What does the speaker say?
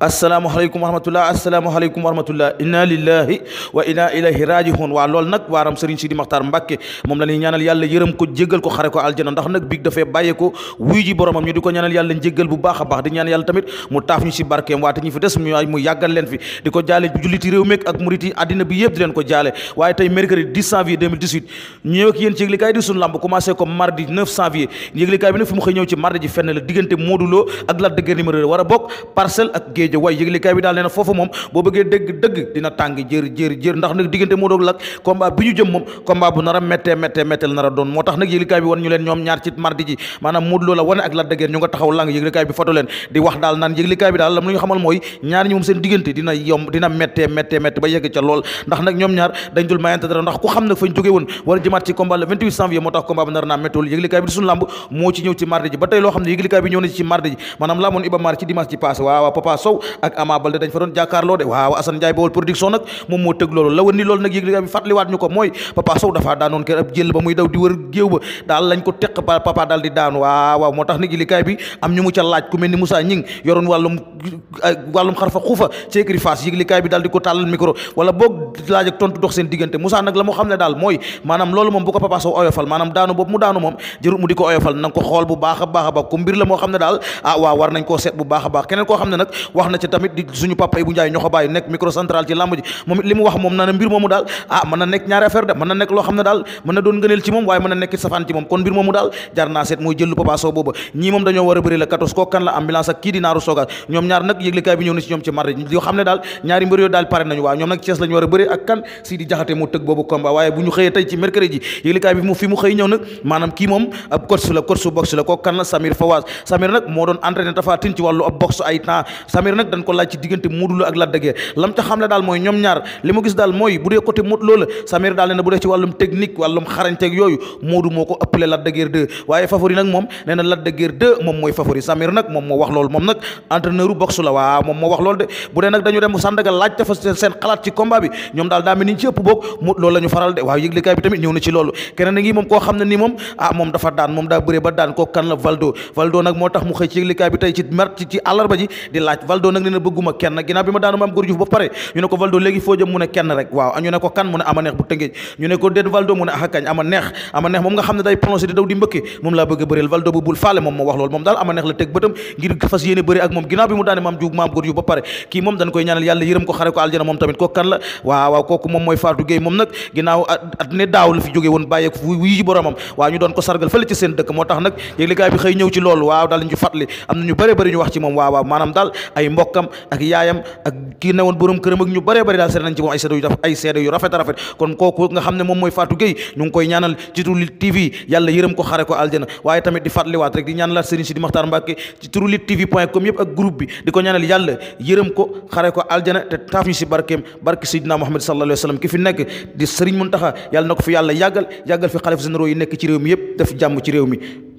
asalaamaaleykum wa rahmatullah asalaamaaleykum wa rahmatullah inna lillahi wa inna ilayhi rajihun waa loolu nag waaram sëriñ Sidi Maxtaar Mbàkke moom la ñuy ñaanal yàlla yërëm ko jéggal ko xare ko aljana ndax nag biig dafee bàyyee ko wuy boromam ñu di ko ñaanal yàlla njéggal bu baax a baax di ñaanal yàlla tamit mu taaf ñu si barkeem waate ñu fi des mu yàggal leen fi di ko jaale julliti réew meek ak muriti àddina bi yëpp di leen ko jaale waaye tey mercredi di suñu lamb commencé a géej waaye yëglikaay bi daal nee foofu moom boo bëggee dëgg dëgg dina tàng jër jër jër ndax diggante moo doog lak combat bi ñu jëm moom combat bu nar a méttee méttee a ba yegg ca lool ndax nag ñoom ñaar dañ dul mayante dara ndax ku xam nag fañ jóge woon war a jëmaat ci combat le 28 janvier moo tax combat bi nar naa méttool yëglikaay bi di làmb moo ci ñëw ci mardi ba tey loo xam ne yëglikaay bi ñëw na ci mardi ji maanaam laamoon Iba Mar ci kaw ak Ama Baldé dañ fa doon jàkkaarloo de waaw Assane Ndiaye Baol production nag moom moo tëg loolu la woon nag yëg bi bi am ñu mu bi daal ko tàllal micro wala boog laaj tontu dox seen diggante Moussa nag la moo xam ne daal mooy maanaam loolu moom bu ko Papa oyofal maanaam daanu boobu mu daanu moom jërul mu di ko oyofal na ko xool bu baax a a ku mbir la moo xam ne daal ah waaw war nañ koo seet bu baax a keneen koo xam wax na ci tamit suñu papa yi bu njaay ñoo nekk microcentral ci làmb ji moom li mu wax moom na mbir moomu daal ah mën na nekk ñaari affaire de mën na nekk loo xam ne daal mën doon ngëneel ci moom waaye mën nekk safaan ci moom kon mbir moomu daal jar seet mooy jëllu papa Sow ñii moom dañoo war a bëri la 14 kooku kan la ambulance ak kii di naaru soga ñoom ñaar nag yëglikaay bi ñëw na ci ñoom ci mardi yoo bi fi mu xëy ñëw nag maanaam nag dañ ko laaj ci diggante Modou Lo ak Lac de Guiers xamle daal mooy ñoom ñaar li mu gis daal mooy bu dee côté Modou Lo la Samir daal ne bu dee ci wàllum technique wàllum xarañteeg yooyu Modou moo ko ëppale Lac de Guiers 2 waaye favori nag moom nee na Lac de moom mooy favori Samir nag moom moo wax loolu moom nag entraîneur u la waaw moom moo wax loolu de bu dee nag dañu dem Sandaga laaj dafa seen xalaat ci combat ñoom daal ah daa mel ni ci Valdo nag nee na bëgguma kenn ginnaaw bi ma daanu maam Góor ba pare ñu ne ko Valdo léegi foo mu ne kenn rek waaw ñu ne ko kan mu ne ama neex bu tëngéej ñu ne ko déet Valdo mu ne ax akañ ama neex ama neex moom nga xam ne a daaw la fi jóge woon bàyyeeku wuy ji boromam waaw ñu doon ko sargal fële ci seen dëkk moo tax nag yéeg li kaay bi xëy ñëw ci loolu waaw daal ñu fàttali am ñu bëri bëri ñu wax ci moom waaw maanaam daal ay mbokkam ak yaayam ak kii ne woon borom këram ak ñu bëree bëri daal seet nañ ci moom ay seede yu ay seede yu rafet a rafet kon kooku nga xam ne moom mooy Fatou Gueye ñu ngi koy ñaanal ci turu Lutte TV yàlla yërëm ko xare ko aljana waaye tamit di fàttaliwaat rek di ñaanalaat Serigne Sidi Makhtar Mbacké ci turu Lutte TV point com yëpp ak groupe bi ko ñaanal yàlla yërëm ko xare ko aljana te taaf ñu si barkeem barke Seydina Muhammad sallallahu alayhi wa sallam ki fi nekk di Serigne Mountakha yàlla na ko fi yàlla yàggal yàggal fi xalif généraux yi nekk ci réew yëpp def jàmm ci réew mi